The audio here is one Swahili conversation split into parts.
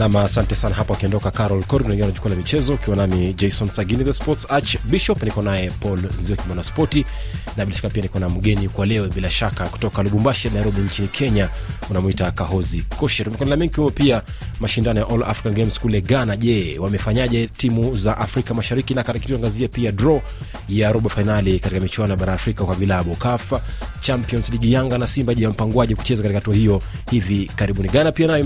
nam asante sana hapo akiondoka carol cor naingia na jukwaa la michezo ukiwa nami jason sagini the sports arch bishop niko naye paul zioki mwanaspoti na bila shaka pia niko na mgeni kwa leo bila shaka kutoka lubumbashi nairobi nchini kenya unamwita kahozi kosher mikonela mengi kiwemo pia mashindano ya all african games kule ghana je wamefanyaje timu za afrika mashariki na karakiri angazia pia draw ya robo fainali katika michuano ya bara afrika kwa vilabu kafa champions ligi yanga na simba je wampanguaje kucheza katika hatua hiyo hivi karibuni ghana pia nayo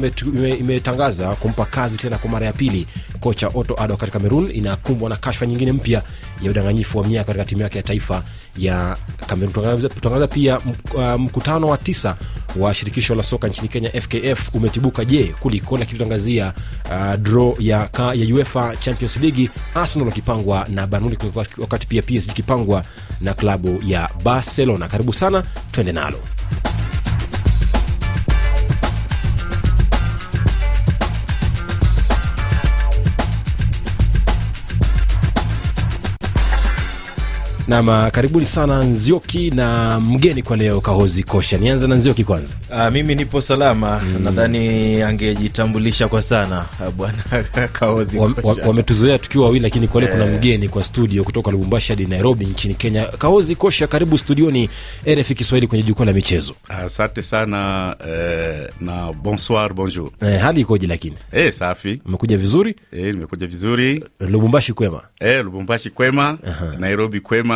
imetangaza ime, ime kumpa kazi tena kwa mara ya pili kocha oto Ado katika Cameroon inakumbwa na kashfa nyingine mpya ya udanganyifu wa miaka katika timu yake ya taifa ya Cameroon. Tutangaza pia uh, mkutano wa tisa wa shirikisho la soka nchini Kenya FKF umetibuka. Je, kuliko kulikona? Kilitangazia uh, dr ya, ya UEFA Champions League, Arsenal wakipangwa na Bayern wakati pia PSG ikipangwa na klabu ya Barcelona. Karibu sana, twende nalo na Nam, ah, karibuni sana Nzioki na mgeni kwa leo Kahozi Kosha. Nianze na Nzioki kwanza. Aa, ah, mimi nipo salama mm. Nadhani angejitambulisha kwa sana ah, bwana Kahozi. Wametuzoea wa, wa tukiwa wawili, lakini kwa leo kuna eh. mgeni kwa studio kutoka Lubumbashi hadi Nairobi nchini Kenya. Kahozi Kosha, karibu studioni RFI Kiswahili kwenye jukwaa la michezo. Asante sana eh, na bonsoir, bonjour. Eh, hali ikoje? Lakini eh, safi. Umekuja vizuri? Eh, nimekuja vizuri. Lubumbashi kwema? Eh, Lubumbashi kwema. Aha. Nairobi kwema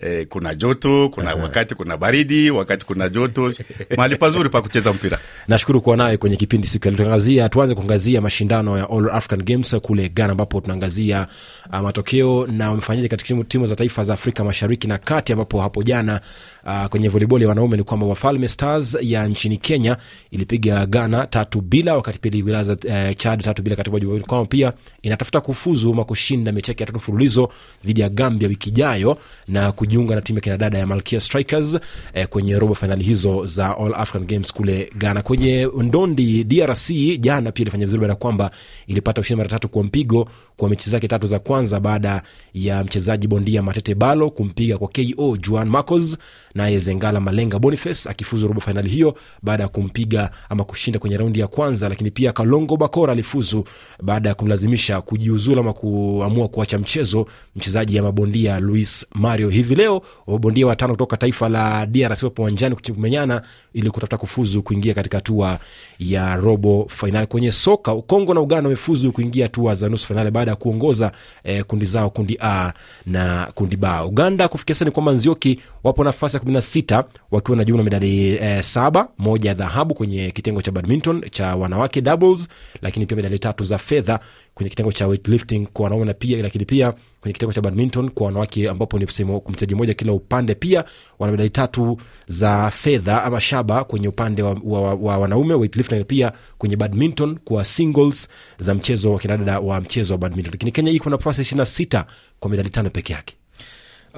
eh, kuna joto, kuna wakati kuna baridi, wakati kuna joto, mahali pazuri pa kucheza mpira. Nashukuru kuwa naye kwenye kipindi siku aliangazia. Tuanze kuangazia mashindano ya All African Games kule Ghana, ambapo tunaangazia uh, matokeo na wamefanyaje katika timu za taifa za Afrika Mashariki na Kati, ambapo hapo jana Uh, kwenye volleyball ya wanaume ni kwamba Wafalme Stars ya nchini Kenya ilipiga Ghana tatu bila, wakati pili wilaza uh, Chad tatu bila katika voliboli, kwamba pia inatafuta kufuzu ama kushinda mechi yake ya tatu mfululizo dhidi ya Gambia wiki ijayo na kujiunga na timu ya kinadada ya Malkia Strikers uh, kwenye robo fainali hizo za All African Games kule Ghana. Kwenye ndondi DRC jana pia ilifanya vizuri baada ya kwamba ilipata ushindi mara tatu kwa mpigo kwa mechi zake tatu za kwanza baada ya mchezaji bondia Matete Balo kumpiga kwa KO Juan Marcos, naye Zengala Malenga Boniface akifuzu robo fainali hiyo baada ya kumpiga ama kushinda kwenye raundi ya kwanza. Lakini pia Kalongo Bakora alifuzu baada ya kumlazimisha kujiuzulu ama kuamua kuacha mchezo mchezaji ya mabondia Luis Mario. Hivi leo wabondia watano kutoka taifa la DRC wapo uwanjani kumenyana ili kutafuta kufuzu kuingia katika hatua ya robo fainali. Kwenye soka Kongo na Uganda wamefuzu kuingia hatua za nusu fainali baada ya kuongoza eh, kundi zao kundi A na kundi B. Uganda kufikia sasa ni kwamba Nzioki wapo nafasi ya kumi na sita wakiwa na jumla medali eh, saba, moja ya dhahabu kwenye kitengo cha badminton cha wanawake doubles, lakini pia medali tatu za fedha kwenye kitengo cha weightlifting kwa wanaume na pia lakini pia kwenye kitengo cha badminton kwa wanawake ambapo ni mchezaji mmoja kila upande. Pia wana medali tatu za fedha ama shaba kwenye upande wa, wa, wa, wa wanaume weightlifting, na pia kwenye badminton kwa singles za mchezo wa kinadada wa mchezo wa badminton. Lakini Kenya iko na process ishirini na sita kwa medali tano peke yake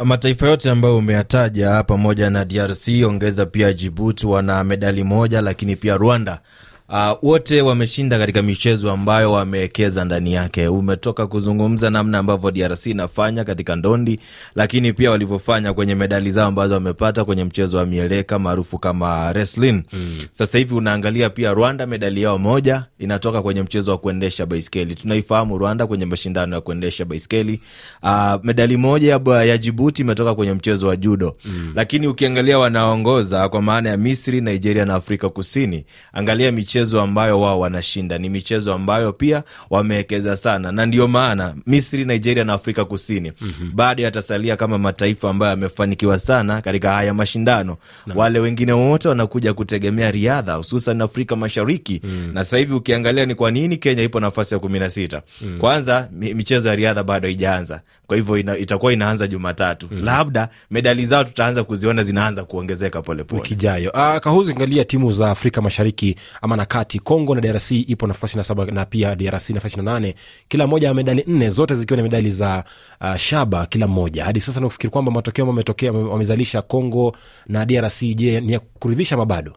mataifa yote ambayo umeyataja pamoja na DRC ongeza pia Jibuti wana medali moja, lakini pia Rwanda Uh, wote wameshinda katika michezo ambayo wamewekeza ndani yake. Umetoka kuzungumza namna ambavyo DRC inafanya katika ndondi, lakini pia walivyofanya kwenye medali zao ambazo wamepata kwenye mchezo wa mieleka maarufu kama wrestling. Mm. Sasa hivi unaangalia pia Rwanda, medali yao moja inatoka kwenye mchezo wa kuendesha baiskeli. Tunaifahamu Rwanda kwenye mashindano ya kuendesha baiskeli. Uh, medali moja ya, ya Djibouti imetoka kwenye mchezo wa judo. Mm. Lakini ukiangalia wanaongoza kwa maana ya Misri, Nigeria na Afrika Kusini, angalia michezo michezo ambayo wao wanashinda, ni michezo ambayo pia wamewekeza sana, na ndio maana Misri, Nigeria na Afrika Kusini mm-hmm. bado yatasalia kama mataifa ambayo yamefanikiwa sana katika haya mashindano na. Wale wengine wote wanakuja kutegemea riadha hususan Afrika Mashariki mm. na sasa hivi ukiangalia ni kwa nini Kenya ipo nafasi ya kumi na sita mm. kwanza michezo ya riadha bado haijaanza, kwa hivyo ina, itakuwa inaanza Jumatatu mm. labda medali zao tutaanza kuziona zinaanza kuongezeka polepole wiki ijayo. Uh, ah, kahuzi angalia timu za Afrika Mashariki ama na kati. Congo na DRC ipo nafasi na saba na pia DRC nafasi na nane, kila moja medali nne, zote zikiwa na medali za uh, shaba kila moja. Hadi sasa nakufikiri kwamba matokeo ametokea wamezalisha Congo na DRC, je, ni ya kuridhisha mabado?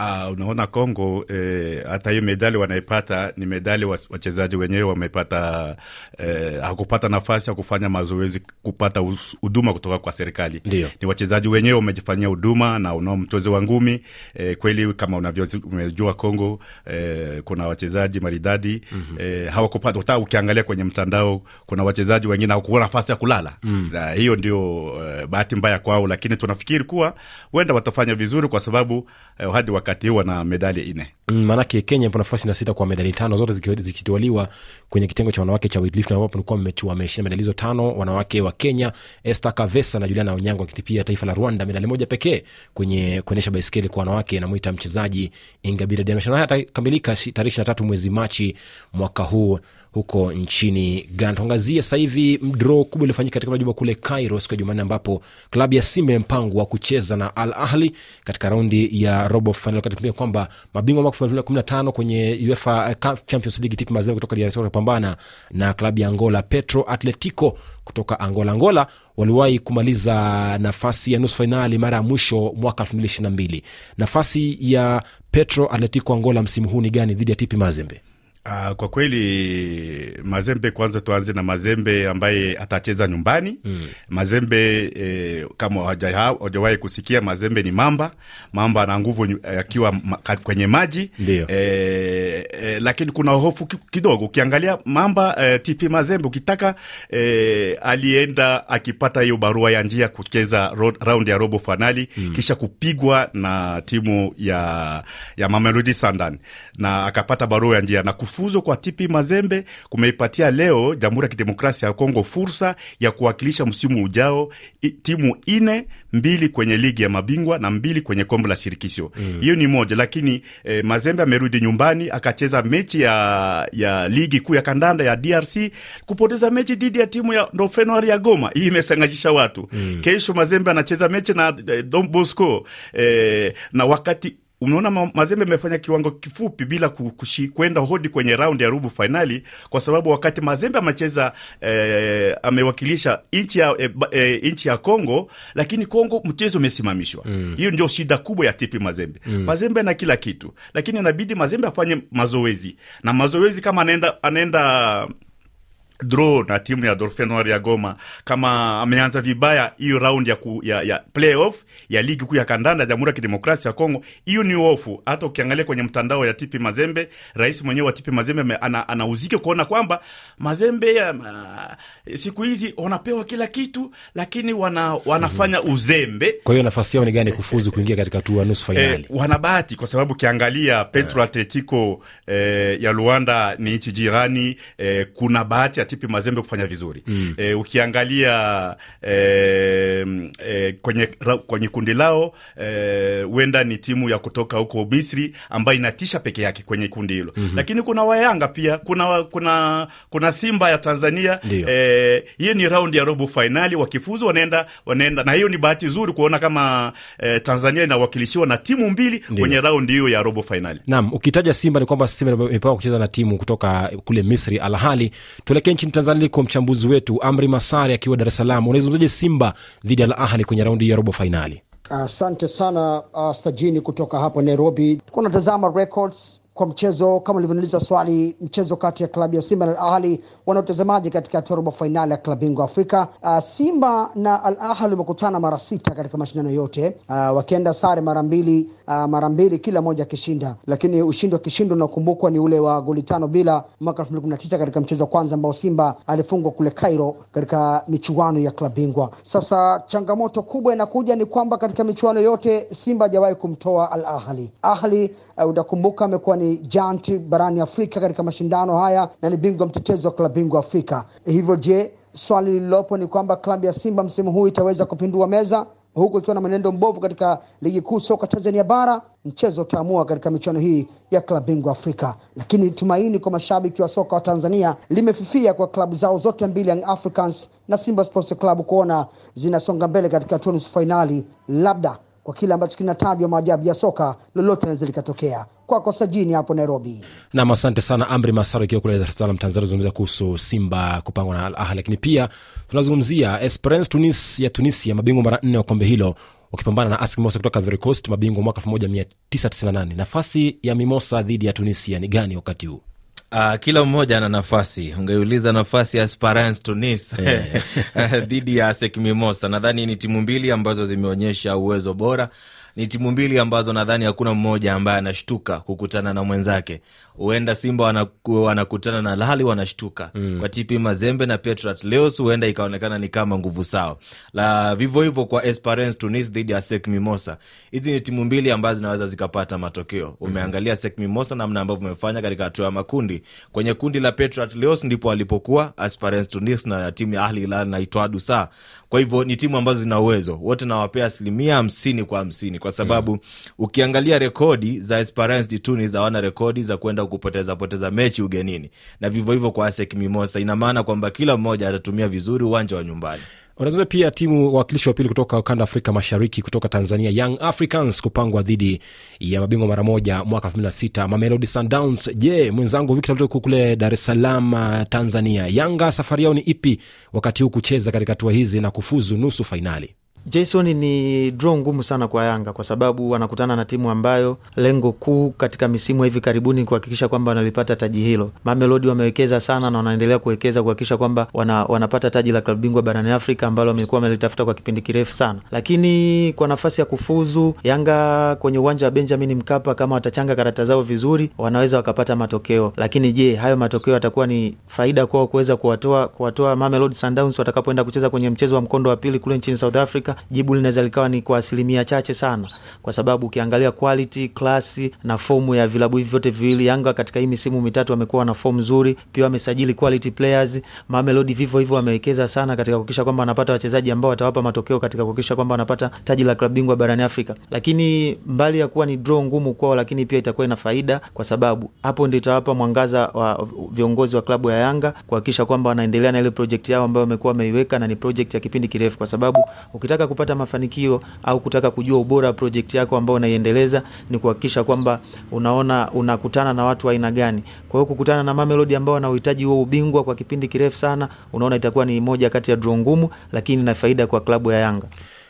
Uh, unaona Kongo eh, hata hiyo medali wanaipata ni medali wachezaji wenyewe wamepata, eh, hakupata nafasi ya kufanya mazoezi, kupata huduma kutoka kwa serikali. Ndiyo. Ni wachezaji wenyewe wamejifanyia huduma na unao mtozo wa ngumi eh, kweli kama unavyojua Kongo eh, kuna wachezaji maridadi mm -hmm. eh, hawakupata hata ukiangalia kwenye mtandao kuna wachezaji wengine hawakuwa nafasi ya kulala mm. na hiyo ndio eh, bahati mbaya kwao, lakini tunafikiri kuwa huenda watafanya vizuri kwa sababu eh, hadi wakati wakati huu wana medali nne. Mm, maanake Kenya po nafasi na sita kwa medali tano, zote zikitwaliwa kwenye kitengo cha wanawake cha weightlifting ambapo likuwa wameshinda medali hizo tano. Wanawake wa Kenya Esther Kavesa na Juliana Onyango wakitipia taifa la Rwanda medali moja pekee kwenye kuendesha baiskeli kwa wanawake, namwita mchezaji Ingabire Mashindano haya tarehe ishiri na tatu mwezi Machi mwaka huu huko nchini Ghana. Tuangazie sasa hivi draw kubwa iliofanyika katika mji wa kule Cairo siku ya Jumanne, ambapo klabu ya Simba mpango wa kucheza na Al Ahli katika raundi ya robo final, wakati pia kwamba mabingwa mwaka kumi na tano kwenye UEFA Champions League TP Mazembe kutoka DRC watapambana na klabu ya Angola Petro Atletico kutoka Angola. Angola waliwahi kumaliza nafasi ya nusu fainali mara ya mwisho mwaka na mbili. Nafasi ya Petro Atletico Angola msimu huu ni gani dhidi ya TP Mazembe? Uh, kwa kweli Mazembe, kwanza tuanze na Mazembe ambaye atacheza nyumbani mm. Mazembe eh, kama hajawahi kusikia Mazembe ni mamba. Mamba ana nguvu akiwa eh, kwenye maji eh, eh, lakini kuna hofu kidogo ukiangalia Mamba eh, TP Mazembe ukitaka eh, alienda akipata hiyo barua ya njia kucheza raundi ya robo fainali mm. kisha kupigwa na timu ya, ya Mamelodi Sundowns na akapata barua ya njia na kufuzwa kwa TP Mazembe kumeipatia leo Jamhuri ya Kidemokrasia ya Kongo fursa ya kuwakilisha msimu ujao timu ine mbili kwenye ligi ya mabingwa na mbili kwenye kombe la shirikisho mm. hiyo mm. ni moja lakini eh, Mazembe amerudi nyumbani akacheza mechi ya, ya ligi kuu ya kandanda ya DRC kupoteza mechi dhidi ya timu ya Ndofenwari ya Goma. Hii imesanganyisha watu mm. Kesho Mazembe anacheza mechi na eh, Don Bosco eh, na wakati Umeona Mazembe amefanya kiwango kifupi bila kwenda hodi kwenye raundi ya rubu fainali, kwa sababu wakati Mazembe amecheza eh, amewakilisha nchi ya, eh, eh nchi ya Kongo, lakini Kongo mchezo umesimamishwa. Mm. Hiyo mm. ndio shida kubwa ya TP Mazembe mm. Mazembe ana kila kitu, lakini inabidi Mazembe afanye mazoezi na mazoezi kama anaenda anaenda dro na timu ya Dolphin Noir ya Goma. Kama ameanza vibaya hiyo raund ya, ya, ya playoff ya ligi kuu ya kandanda ya Jamhuri ya Kidemokrasia ya Kongo, hiyo ni ofu Hata ukiangalia kwenye mtandao ya tipi Mazembe, rais mwenyewe wa tipi Mazembe anahuzike ana, kuona kwamba Mazembe ya, ma, siku hizi wanapewa kila kitu, lakini wana, wanafanya mhm. uzembe. Kwa hiyo nafasi yao ni gani kufuzu kuingia katika hatua nusu eh, fainali? Eh, wanabahati kwa sababu ukiangalia Petro yeah. Atletico eh, ya Luanda ni nchi jirani eh, kuna bahati TP Mazembe kufanya vizuri mm. E, ukiangalia e, e, kwenye, kwenye kundi lao e, huenda e, ni timu ya kutoka huko Misri ambayo inatisha peke yake kwenye kundi hilo mm -hmm. Lakini kuna wayanga pia kuna, kuna, kuna Simba ya Tanzania e, hiyo ni raundi ya robo fainali, wakifuzu wanaenda wanaenda, na hiyo ni bahati nzuri kuona kama e, Tanzania inawakilishiwa na timu mbili Ndiyo. kwenye raundi hiyo ya robo fainali. Naam, ukitaja Simba ni kwamba Simba imepewa kucheza na timu kutoka kule Misri alhali tuelekee nchini Tanzania kwa mchambuzi wetu Amri Masari akiwa Dar es Salaam. Unaizungumzaje Simba dhidi ya la Ahli kwenye raundi ya robo fainali? Asante uh, sana uh, Sajini kutoka hapo Nairobi. Kunatazama records kwa mchezo kama ulivyoniuliza swali, mchezo kati ya klabu ya Simba na Al Ahli wanaotazamaji katika robo fainali ya klabu bingwa Afrika. Uh, Simba na Al Ahli wamekutana mara sita katika mashindano yote, uh, wakienda sare mara mbili, uh, mara mbili kila moja akishinda, lakini ushindi wa kishindo unaokumbukwa ni ule wa goli tano bila mwaka 2019 katika mchezo wa kwanza ambao Simba alifungwa kule Cairo katika michuano ya klabu bingwa. Sasa changamoto kubwa inakuja ni kwamba katika michuano yote Simba hajawahi kumtoa Al Ahli. Ahli, uh, utakumbuka amekuwa ni janti barani Afrika katika mashindano haya na ni bingwa mtetezi wa klabu bingwa Afrika. Hivyo je, swali lililopo ni kwamba klabu ya Simba msimu huu itaweza kupindua meza huku ikiwa na mwenendo mbovu katika ligi kuu soka Tanzania bara. Mchezo utaamua katika michuano hii ya klabu bingwa Afrika, lakini tumaini kwa mashabiki wa soka wa Tanzania limefifia kwa klabu zao zote mbili, Young Africans na Simba Sports Club, kuona zinasonga mbele katika nusu fainali labda kwa kile ambacho kinatajwa maajabu ya soka, lolote naweza likatokea. Kwako Sajini hapo Nairobi. Nam, asante sana Amri Masaro ikiwa kule daressalam Tanzania. Zungumzia kuhusu Simba kupangwa na Al lakini pia tunazungumzia Esperance Tunis ya Tunisia, mabingwa mara nne wa kombe hilo wakipambana na ASEC kutoka Ivory Coast, mabingwa mwaka 1998. Nafasi ya Mimosa dhidi ya Tunisia ni gani wakati huu? Uh, kila mmoja ana nafasi. Ungeuliza nafasi ya Esperance Tunis dhidi ya ASEC Mimosa, nadhani ni timu mbili ambazo zimeonyesha uwezo bora ni timu mbili ambazo nadhani hakuna mmoja ambaye anashtuka kukutana na mwenzake huenda Simba wanaku, wanakutana na Lali wanashtuka mm. Kwa TP Mazembe na Petro Atleos huenda ikaonekana ni kama nguvu sawa, la vivyo hivyo kwa Esperance Tunis dhidi ya Sek Mimosa. Hizi ni timu mbili ambazo zinaweza zikapata matokeo. Mm. Umeangalia Sek Mimosa namna ambavyo umefanya katika hatua ya makundi. Kwenye kundi la Petro Atleos ndipo alipokuwa Esperance Tunis na timu ya Ahli Hilal na Itwadu Saa. Kwa hivyo ni timu ambazo zina uwezo wote, nawapea asilimia hamsini kwa hamsini kwa sababu mm. ukiangalia rekodi za Esperance de Tunis hawana rekodi za kuenda kupoteza poteza mechi ugenini, na vivyo hivyo kwa asek Mimosa. Ina maana kwamba kila mmoja atatumia vizuri uwanja wa nyumbani. Unazungumza pia timu wakilishi wa pili kutoka ukanda Afrika Mashariki kutoka Tanzania, Young Africans kupangwa dhidi ya mabingwa mara moja mwaka elfu mbili na sita Mamelodi Sundowns. Je, mwenzangu Victor Luku kule Dar es Salaam, Tanzania, Yanga safari yao ni ipi wakati huu kucheza katika hatua hizi na kufuzu nusu fainali? Jason, ni draw ngumu sana kwa Yanga kwa sababu wanakutana na timu ambayo lengo kuu katika misimu hivi karibuni kuhakikisha kwamba wanalipata taji hilo. Mamelodi wamewekeza sana na wanaendelea kuwekeza kuhakikisha kwamba wana, wanapata taji la klabu bingwa barani Afrika ambalo wamekuwa wamelitafuta kwa kipindi kirefu sana, lakini kwa nafasi ya kufuzu, Yanga kwenye uwanja wa Benjamin Mkapa, kama watachanga karata zao vizuri, wanaweza wakapata matokeo. Lakini je, hayo matokeo yatakuwa ni faida kwao kuweza kuwatoa kuwatoa Mamelodi Sundowns watakapoenda kucheza kwenye mchezo wa mkondo wa pili kule nchini South Africa? kadhalika jibu linaweza likawa ni kwa asilimia chache sana, kwa sababu ukiangalia quality, klasi na fomu ya vilabu hivi vyote viwili, Yanga katika hii misimu mitatu amekuwa na fomu nzuri, pia wamesajili quality players. Mamelodi vivo hivyo wamewekeza sana katika kuhakikisha kwamba wanapata wachezaji ambao watawapa matokeo katika kuhakikisha kwamba wanapata taji la klabu bingwa barani Afrika. Lakini mbali ya kuwa ni draw ngumu kwao, lakini pia itakuwa ina faida, kwa sababu hapo ndio itawapa mwangaza wa viongozi wa klabu ya Yanga kuhakikisha kwamba wanaendelea na ile project yao ambayo wamekuwa wameiweka, na ni project ya kipindi kirefu, kwa sababu ukitaka ukitaka kupata mafanikio au kutaka kujua ubora wa projekti yako ambao unaiendeleza ni kuhakikisha kwamba unaona unakutana na watu aina gani. Kwa hiyo kukutana na Mamelodi ambao wanauhitaji huo ubingwa kwa kipindi kirefu sana, unaona itakuwa ni moja kati ya draw ngumu, lakini na faida kwa klabu ya Yanga.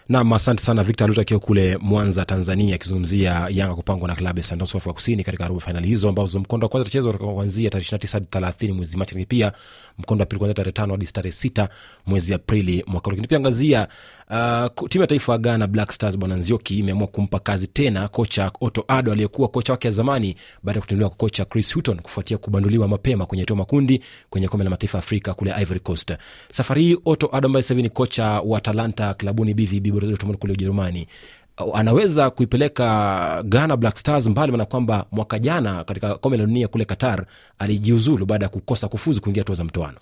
Nam, asante sana Victor Lutakiwa kule Mwanza, Tanzania, akizungumzia Yanga kupangwa na klabu ya Sandons Afrika Kusini katika robo fainali hizo ambazo mkondo wa kwanza utachezwa kuanzia tarehe 29 hadi 30 mwezi Machi, lakini pia mkondo wa pili kuanzia tarehe tano hadi tarehe sita mwezi Aprili mwaka huu. Lakini pia angazia uh, timu ya taifa ya Ghana Black Stars, bwana Nzioki imeamua kumpa kazi tena kocha Otto Addo aliyekuwa kocha wake ya zamani baada ya kutenduliwa kwa kocha Chris Hughton kufuatia kubanduliwa mapema kwenye hatua makundi kwenye kombe la mataifa ya Afrika kule Ivory Coast. Safari hii Otto Addo ambaye sasa hivi ni kocha wa Talanta klabuni BVB Borussia Dortmund kule Ujerumani anaweza kuipeleka Ghana Black Stars mbali, maana kwamba mwaka jana katika kombe la dunia kule Qatar alijiuzulu baada ya kukosa kufuzu kuingia hatua za mtoano.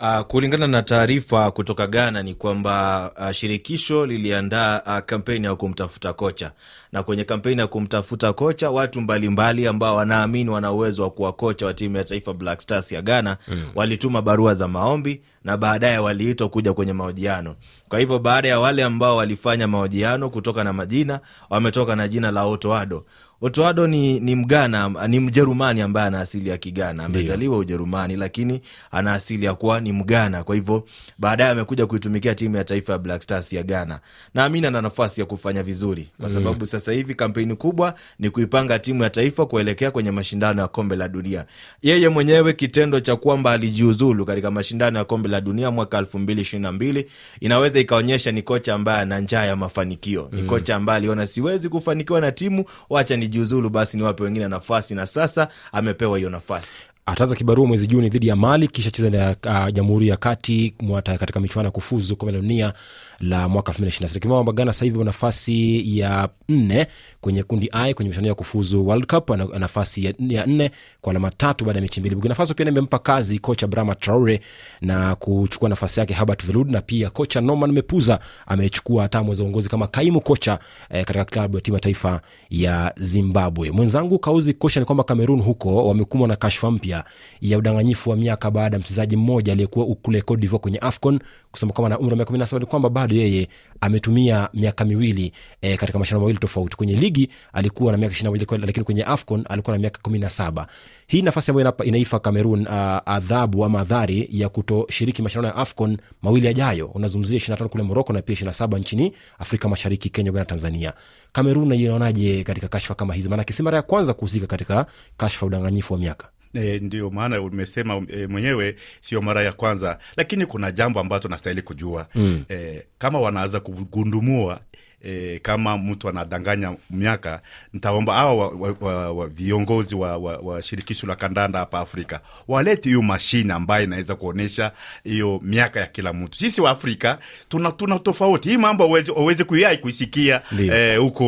Uh, kulingana na taarifa kutoka Ghana ni kwamba uh, shirikisho liliandaa uh, kampeni ya kumtafuta kocha, na kwenye kampeni ya kumtafuta kocha watu mbalimbali ambao wanaamini wana uwezo wa kuwa kocha wa timu ya taifa Black Stars ya Ghana mm. walituma barua za maombi na baadaye waliitwa kuja kwenye mahojiano. Kwa hivyo baada ya wale ambao walifanya mahojiano kutoka na majina, wametoka na jina la Otto Addo. Otoado ni, ni Mgana, ni Mjerumani ambaye ana asili ya Kigana. Amezaliwa Ujerumani, lakini ana asili ya kuwa ni Mgana. Kwa hivyo baadaye amekuja kuitumikia timu ya taifa ya Black Stars ya Ghana. Naamini ana nafasi ya kufanya vizuri kwa mm. sababu mm, sasa hivi kampeni kubwa ni kuipanga timu ya taifa kuelekea kwenye mashindano ya kombe la dunia. Yeye mwenyewe kitendo cha kwamba alijiuzulu katika mashindano ya kombe la dunia mwaka elfu mbili ishirini na mbili inaweza ikaonyesha ni kocha ambaye ana njaa ya mafanikio, ni mm. kocha ambaye aliona siwezi kufanikiwa na timu, wacha ni akijiuzulu, basi niwape wengine nafasi, na sasa amepewa hiyo nafasi ataanza kibarua mwezi Juni dhidi ya Mali, kisha cheza na uh, Jamhuri ya Kati mwata katika michuano ya kufuzu kombe la dunia la mwaka 2026 kimama Ghana sasa hivi nafasi ya nne kwenye kundi I kwenye mashindano ya kufuzu World Cup, na nafasi ya, ya nne kwa alama tatu baada ya mechi mbili. Burkina Faso pia imempa kazi kocha Brahma Traore na kuchukua nafasi yake Herbert Velud, na pia kocha Norman Mepuza amechukua hatamu za uongozi kama kaimu kocha eh, katika klabu ya timu ya taifa ya Zimbabwe. Mwenzangu Kauzi kocha ni kwamba Kamerun huko wamekumbwa na kashfa mpya ya udanganyifu wa miaka baada ya mchezaji mmoja aliyekuwa kule Cote d'Ivoire kwenye AFCON kusema kwamba na umri wa miaka kumi na saba ni kwamba bado yeye ametumia miaka miwili e, katika mashindano mawili tofauti kwenye ligi alikuwa na miaka na moja lakini kwenye afcon alikuwa na miaka kumi na saba hii nafasi ambayo inaifa cameroon uh, adhabu ama adhari ya kutoshiriki mashindano ya afcon mawili yajayo unazungumzia na tano kule moroko na pia na saba nchini afrika mashariki kenya uganda tanzania cameroon naionaje katika kashfa kama hizi maanake si mara ya kwanza kuhusika katika kashfa udanganyifu wa miaka E, ndio maana umesema e, mwenyewe sio mara ya kwanza, lakini kuna jambo ambayo tunastahili kujua mm. E, kama wanaweza kugundumua e, kama mtu anadanganya miaka, nitaomba hawa wa, wa, wa, wa, viongozi wa, wa, wa shirikisho la kandanda hapa Afrika walete hiyo mashine ambayo inaweza kuonyesha hiyo miaka ya kila mtu. Sisi wa Afrika tuna, tuna tofauti hii mambo awezi kuiai kuisikia eh, huko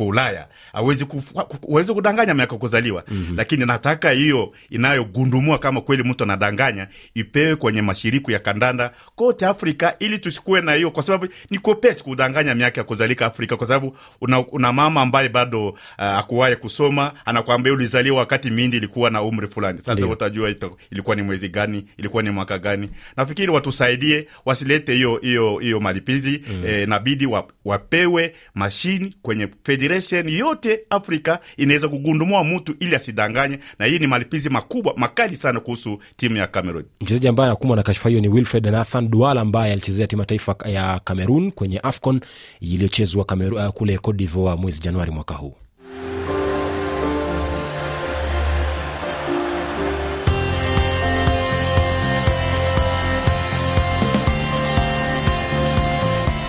eh, Ulaya awezi kudanganya miaka kuzaliwa mm -hmm. Lakini nataka hiyo inayogundumua kama kweli mtu anadanganya ipewe kwenye mashiriku ya kandanda kote Afrika ili tusikuwe na hiyo, kwa sababu ni kopesi kudanganya miaka ya kuzaliwa kuzalika Afrika, kwa sababu una, una mama ambaye bado uh, akuwaye kusoma anakwambia ulizaliwa wakati mindi ilikuwa na umri fulani. Sasa utajua ilikuwa ni mwezi gani, ilikuwa ni mwaka gani. Nafikiri watusaidie, wasilete hiyo hiyo hiyo malipizi mm. Eh, nabidi wa, wapewe mashini kwenye federation yote Afrika inaweza kugundumua mtu ili asidanganye, na hii ni malipizi makubwa makali sana kuhusu timu ya cameron Mchezaji ambaye anakumwa na kashfa hiyo ni Wilfred Nathan dual ambaye alichezea timu ya taifa ya cameron kwenye AFCON iliyo mchezo wa uh, kule Cote d'Ivoire mwezi Januari mwaka huu.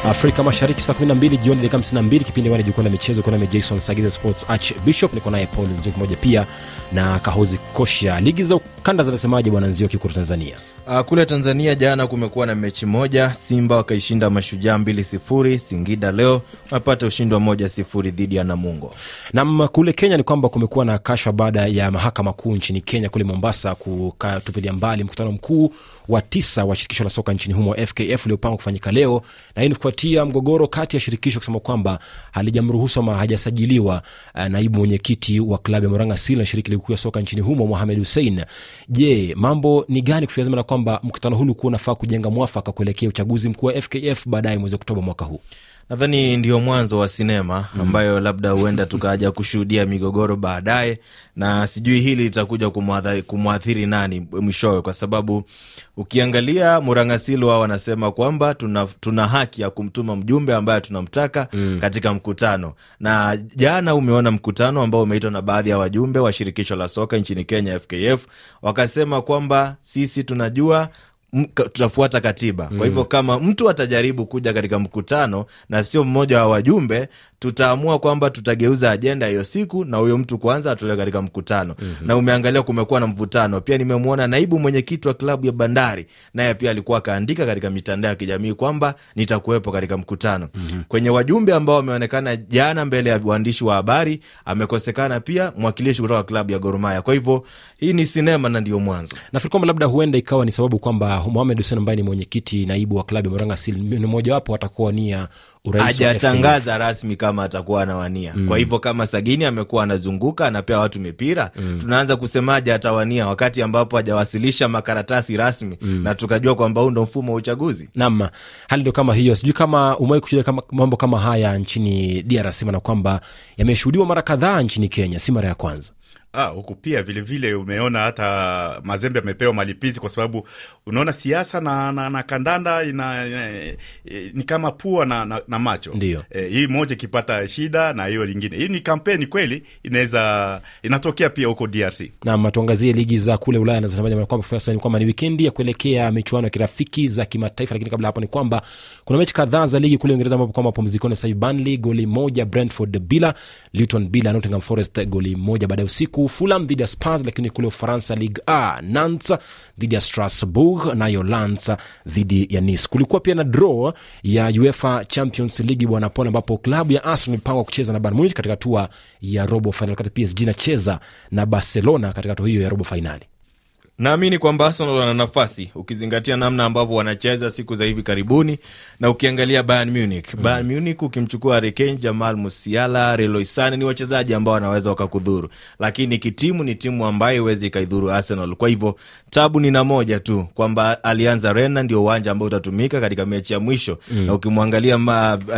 Afrika Mashariki saa 12 jioni dakika 52, kipindi wani jukwaa la michezo. Kuna Jason Sagiza Sports Archbishop, niko naye Paul Nzio moja pia na Kahozi Kosha. Ligi za ukanda zinasemaje bwana Nzio, kikuru Tanzania? Uh, kule Tanzania jana kumekuwa na mechi moja, Simba wakaishinda Mashujaa mbili sifuri Singida leo wamepata ushindi wa moja sifuri dhidi ya Namungo. Nam, kule Kenya ni kwamba kumekuwa na kashfa baada ya mahakama kuu nchini Kenya kule Mombasa kutupilia mbali mkutano mkuu wa tisa wa shirikisho la soka nchini humo FKF uliopangwa kufanyika leo, na hii ni kufuatia mgogoro kati ya shirikisho kusema kwamba halijamruhusu ama hajasajiliwa uh, naibu mwenyekiti wa klabu ya moranga sil na shiriki ligi kuu ya soka nchini humo Mohamed Hussein. Je, mambo ni gani kufikia zima kwamba mkutano huu ulikuwa unafaa kujenga mwafaka kuelekea uchaguzi mkuu wa FKF baadaye mwezi Oktoba mwaka huu nadhani ndio mwanzo wa sinema mm. ambayo labda huenda tukaja kushuhudia migogoro baadaye, na sijui hili litakuja kumwathiri nani mwishowe, kwa sababu ukiangalia murangasilu ao wanasema kwamba tuna, tuna haki ya kumtuma mjumbe ambaye tunamtaka mm. katika mkutano, na jana umeona mkutano ambao umeitwa na baadhi ya wajumbe wa shirikisho la soka nchini Kenya FKF, wakasema kwamba sisi tunajua tutafuata katiba. Kwa hivyo mm. kama mtu atajaribu kuja katika mkutano na sio mmoja wa wajumbe, tutaamua kwamba tutageuza ajenda hiyo siku na huyo mtu kwanza atolewe katika mkutano mm-hmm. na umeangalia kumekuwa na mvutano pia. Nimemwona naibu mwenyekiti wa klabu ya Bandari naye pia alikuwa akaandika katika mitandao ya kijamii kwamba nitakuwepo katika mkutano mm-hmm. kwenye wajumbe ambao wameonekana jana mbele ya waandishi wa habari amekosekana pia mwakilishi kutoka klabu ya gorumaya Kwa hivyo hii ni sinema na ndio mwanzo. Nafikiri kwamba labda huenda ikawa ni sababu kwamba Mohamed Hussein ambaye ni mwenyekiti naibu wa klabu ya moranga sil ni mojawapo atakuwa nia hajatangaza rasmi kama atakuwa anawania mm. Kwa hivyo kama Sagini amekuwa anazunguka anapea watu mipira mm. tunaanza kusemaje atawania wakati ambapo hajawasilisha makaratasi rasmi mm. na tukajua kwamba huu ndo mfumo wa uchaguzi. nam hali ndio kama hiyo. Sijui kama umewai kushuda mambo kama haya nchini DRC, na kwamba yameshuhudiwa mara kadhaa nchini Kenya, si mara ya kwanza. Ah, huku pia vilevile umeona hata Mazembe amepewa malipizi kwa sababu unaona siasa na, na, na kandanda ina, ina, eh, ina, eh, ni kama pua na, na, na macho. Ndio. E, hii moja ikipata shida na hiyo lingine. Hii ni kampeni kweli inaweza inatokea pia huko DRC. Na matuangazie ligi za kule Ulaya na zinafanya kwamba sasa ni kwamba ni wikendi ya kuelekea michuano ya kirafiki za kimataifa, lakini kabla hapo ni kwamba kuna mechi kadhaa za ligi kule Uingereza ambapo kwamba pumzikoni sasa hivi goli moja Brentford bila, Luton bila Nottingham Forest goli moja baada ya usiku kuu fulam dhidi ya spars lakini kule Ufaransa Ligue A nant dhidi ya Strasbourg, nayo Lens dhidi ya Nice. Kulikuwa pia na draw ya UEFA Champions League bwanapol ambapo klabu ya Arsenal imepangwa kucheza na Bayern katika hatua ya robo fainali, wakati PSG inacheza na Barcelona katika hatua hiyo ya robo fainali. Naamini kwamba Arsenal wana nafasi ukizingatia namna ambavyo wanacheza siku za hivi karibuni na ukiangalia Bayern Munich. Mm. Bayern Munich ukimchukua Harry Jamal Musiala, reloisane ni wachezaji ambao wanaweza wakakudhuru. Lakini kitimu ni timu ambayo iwezi ikaidhuru Arsenal. Kwa hivyo tabu ni na moja tu kwamba alianza rena ndio uwanja ambao utatumika katika mechi ya mwisho. Mm. Na ukimwangalia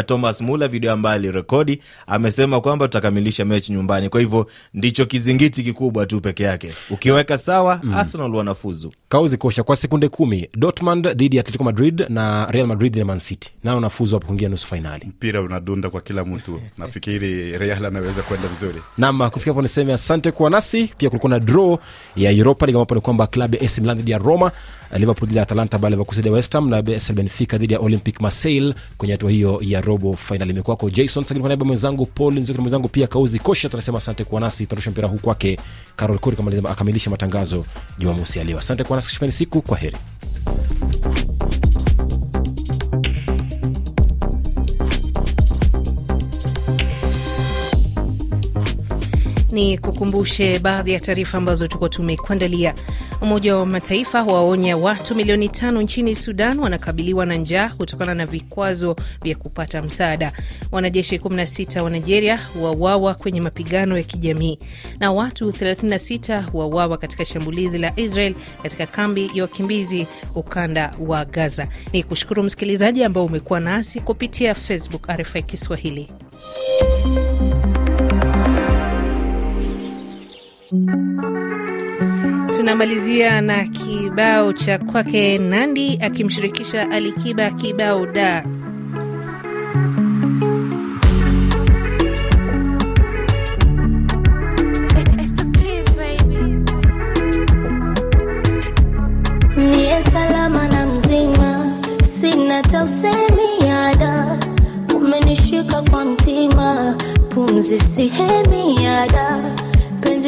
Thomas mule video ambayo alirekodi amesema kwamba tutakamilisha mechi nyumbani. Kwa hivyo ndicho kizingiti kikubwa tu peke yake. Ukiweka sawa mm. Arsenal Arsenal wanafuzu. Kauzi kosha kwa sekunde kumi. Dortmund dhidi ya Atletico Madrid na Real Madrid na mancity nao wanafuzu hapo kuingia nusu fainali. Mpira unadunda kwa kila mtu nafikiri Real anaweza kwenda vizuri. nam kufika hapo niseme asante kuwa nasi. Pia kulikuwa na draw ya Europa League ambapo ni kwamba klabu ya AC Milan dhidi ya Roma Eh, Liverpool dhidi ya Atalanta, Bayer Leverkusen dhidi West Ham na bsl Benfica dhidi ya olympic Marseille kwenye hatua hiyo ya robo final Imekuwa Jason, sagini kwa naiba mwenzangu Paul Nzioki na mwenzangu pia Kauzi Kosha, tunasema asante kuwa nasi. Tunarusha mpira huu kwake Carol Kuri akamilisha matangazo Jumamosi ya leo. Asante kuwa nasi, kushipeni siku, kwa heri. ni kukumbushe baadhi ya taarifa ambazo tuko tumekuandalia. Umoja wa Mataifa waonya watu milioni tano nchini Sudan wanakabiliwa na njaa kutokana na vikwazo vya kupata msaada. Wanajeshi 16 wa Nigeria wawawa kwenye mapigano ya kijamii, na watu 36 wawawa katika shambulizi la Israel katika kambi ya wakimbizi ukanda wa Gaza. Ni kushukuru msikilizaji ambao umekuwa nasi kupitia Facebook RFI Kiswahili. Tunamalizia na kibao cha kwake Nandi akimshirikisha Alikiba, kibao da umenishika kwa mtima, pumzi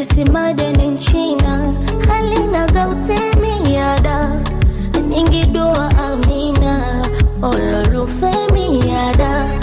sisi madeni nchina halina gautemiyada nyingi dua amina ololufemiyada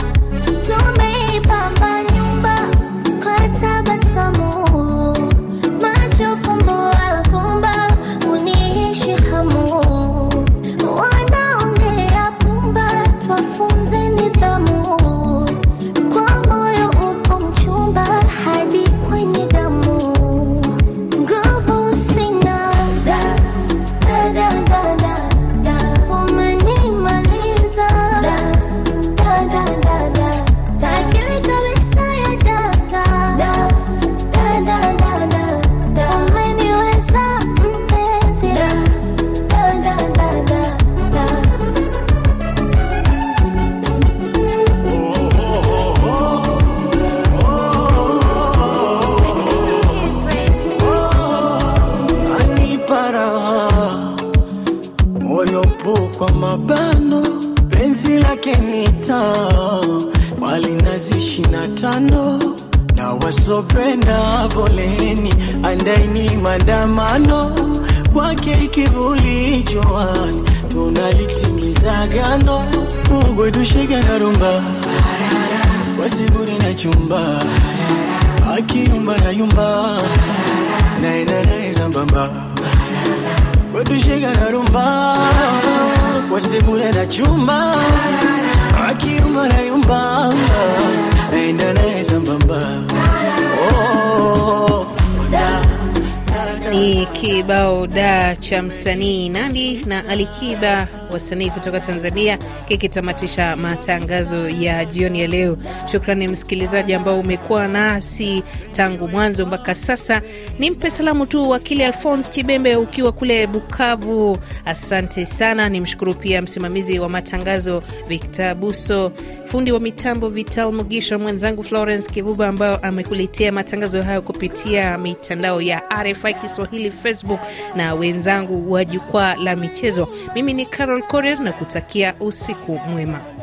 wasopenda poleni, andaini mandamano kwake kivuli choani, tunalitimiza gano mugwedushega na rumba wasigure na chumba yumba na yumba naenanaezambamba wedushega na rumba wasigure na chumba akiuma na naye sambamba oh, ni kibao da cha msanii Nandi na Alikiba wasanii kutoka Tanzania kikitamatisha matangazo ya jioni ya leo. Shukrani msikilizaji ambao umekuwa nasi tangu mwanzo mpaka sasa. Nimpe salamu tu wakili Alphonse Chibembe ukiwa kule Bukavu, asante sana. Nimshukuru pia msimamizi wa matangazo Victor Buso, fundi wa mitambo Vital Mugisha, mwenzangu Florence Kibuba ambayo amekuletea matangazo hayo kupitia mitandao ya RFI Kiswahili, Facebook na wenzangu wa jukwaa la michezo. Mimi ni Carol Korkorer na kutakia usiku mwema.